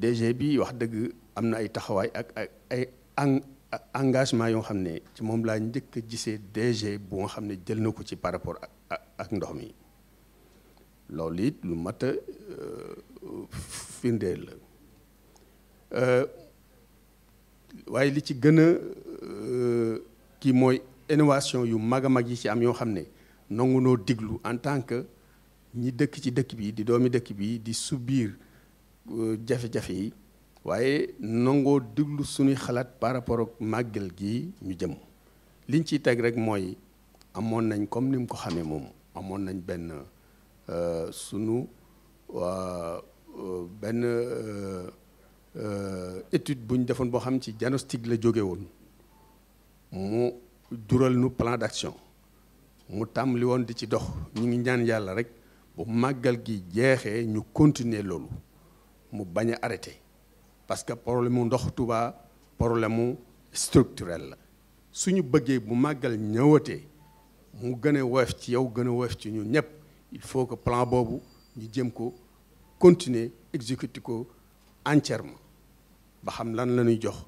DG bi wax dëgg am na ay taxawaay ak ay ay engagement yoo xam ne ci moom laa njëkk a gisee DG bu xam ne jël na ko ci par rapport ak ak ndox mi loolu it lu mat a euh, firndeel la euh, waaye li ci gën a euh, kii mooy innovation yu mag a mag yi ci am yoo xam ne nangu noo diglu en tant que ñi dëkk ci dëkk bi di doomi dëkk bi di subir jafe-jafe yi waaye nangoo déglu suñuy xalaat par rapport ak màggal gi ñu jëm liñ ciy teg rek mooy amoon nañ comme ni mu ko xamee moom amoon nañ benn euh, sunu euh, benn euh, étude buñ ñu defoon boo xam ci diagnostic la jóge woon mu jural nu plan d'action mu tàmbali woon di ci dox ñu ngi ñaan yàlla rek bu màggal gi jeexee ñu continuer loolu mu bañ a arrêté parce que problème mu ndox Touba problème mu structurel la suñu bëggee bu màggal ñëwatee mu gën a woyof ci yow gën a woyof ci ñun ñëpp il faut que plan boobu ñu jëm ko continuer exécuter ko entièrement ba xam lan la ñuy jox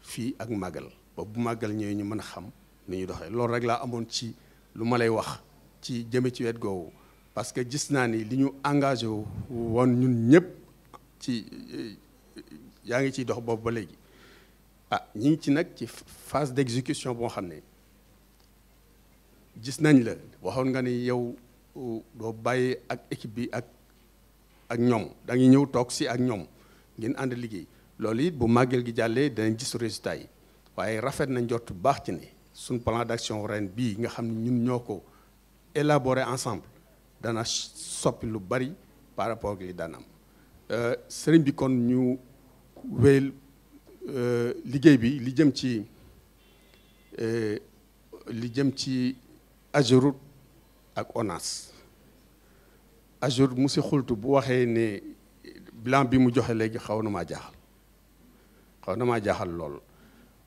fii ak màggal ba bu màggal ñëwee ñu mën a xam ni ñu doxee loolu rek laa amoon ci lu ma lay wax ci jëme ci wet goowu parce que gis naa ni li ñu engagé woon ñun ñëpp ci eh, yaa ngi ciy dox boobu ba léegi ah ñi ngi ci nag ci phase d'exécution boo xam ne gis nañ la waxoon nga ni yow doo bàyyi ak équipe bi ak ak ñoom da ñëw toog si ak ñoom ngeen ànd liggéey loolu it bu màggal gi jàllee danañ gis résultat yi waaye rafet na njort baax ci ne suñ plan d'action ren bii nga xam ne ñun ñoo ko élaborer ensemble dana soppi lu bari par rapport ak li daan am Euh, sëriñ bi kon ñu wéyal euh, liggéey bi li jëm ci euh, li jëm ci Ageroute ak ONAS Ageroute mu si xultu bu waxee ne bilan bi mu joxe léegi xaw na maa jaaxal xaw na maa jaaxal lool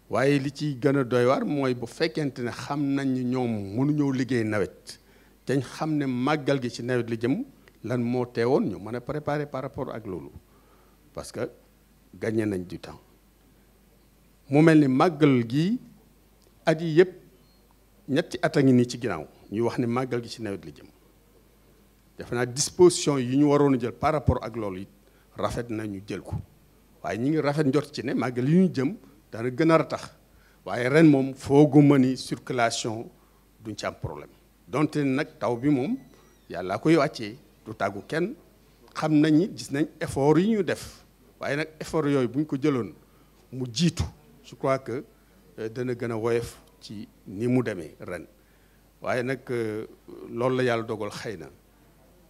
waaye li ci gën a doy waar mooy bu fekkent ne xam nañ ñoom mënuñoo liggéey nawet te xam ne màggal gi ci nawet li jëm lan moo teewoon ñu mën a préparer par rapport ak loolu parce que gagné nañ du temps mu mel ni màggal gi at yi yëpp ñetti at a ngi nii ci ginnaaw ñuy wax ne màggal gi ci nawet la jëm defe naa disposition yi ñu waroon a jël par rapport ak loolu it rafet na ñu jël ko waaye ñi ngi rafet njort ci ne màggal yu ñu jëm dana gën a ratax waaye ren moom fooguma ni circulation duñ ci am problème donte nag taw bi moom yàlla yàllaa koy wàccee. du tàggu kenn xam nañ ni gis nañ effort yi ñu def waaye nag effort yooyu buñ ko jëloon mu jiitu je crois que euh, dana gën a woyof ci ni mu demee ren waaye nag euh, loolu la yàlla dogal xëy na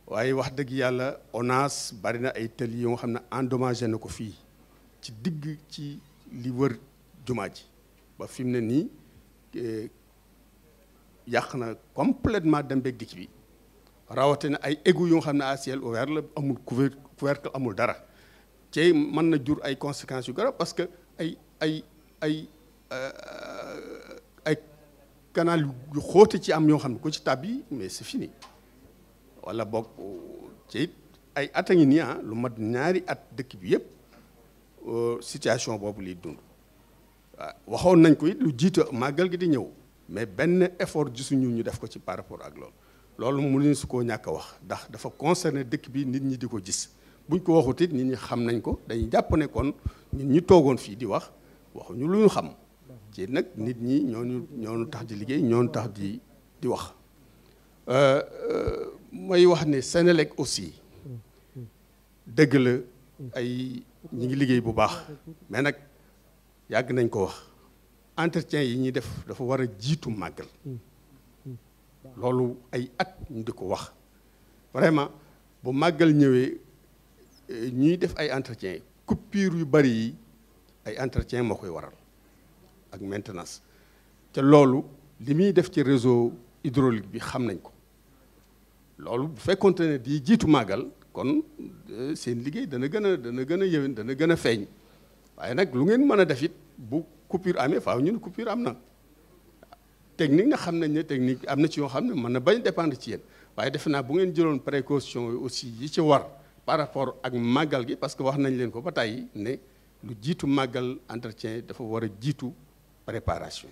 waaye wax dëgg yàlla ONAS bari na ay tëli yoo xam ne endommagé na ko fii ci digg ci li wër jumaa ji ba fi mu ne nii euh, yàq na complètement dem beeg dikk bi rawatina ay égou yoo xam ne à ciel ouvert la amul couvercle amul dara ci mën na jur ay conséquences yu gara parce que ay ay ay euh, ay canal yu xoote ci am yoo xam ne ko ci tab yi mais c'est fini wala boog ci ay at ngi nii ah, lu mat ñaari at dëkk bi yëpp euh, situation boobu liy dund waxoon nañ ko it lu jiita màggal gi di ñëw mais benn effort gisuñu ñu def ko ci par rapport ak loolu loolu mënuñu su koo ñàkk wax ndax dafa concerné dëkk bi nit ñi di ko gis buñ ko waxut it nit ñi xam nañ ko dañuy jàpp ne kon ñun ñi toogoon fii di wax waxuñu lu ñu xam ci nag nit ñi ñooñu ñoonu tax di liggéey ñoonu tax di di wax euh, euh, mooy wax ne Senelec aussi dëgg la ay ñi ngi liggéey bu baax mais nag yàgg nañ ko wax entretien yi ñuy def dafa war a jiitu màggal loolu ay at ñu di ko wax vraiment bu màggal ñëwee eh, ñuy def ay entretien coupure yu bari yi ay entretien moo koy waral ak maintenance te loolu li muy def ci réseau hydraulique bi xam nañ ko loolu bu fekkonte ne di jiitu màggal kon eh, seen liggéey dana gën a dana gën a yëwén dana gën a feeñ waaye nag lu ngeen mën a def it bu coupure amee faaw ñu ne coupure am na technique na xam nañ ne technique am na ci yoo xam ne mën na bañ dépendre ci yéen waaye defe naa bu ngeen jëloon précaution yi aussi yi ci war par rapport ak màggal gi parce que wax nañ leen ko ba tàyyi ne lu jiitu màggal entretien dafa war a jiitu préparation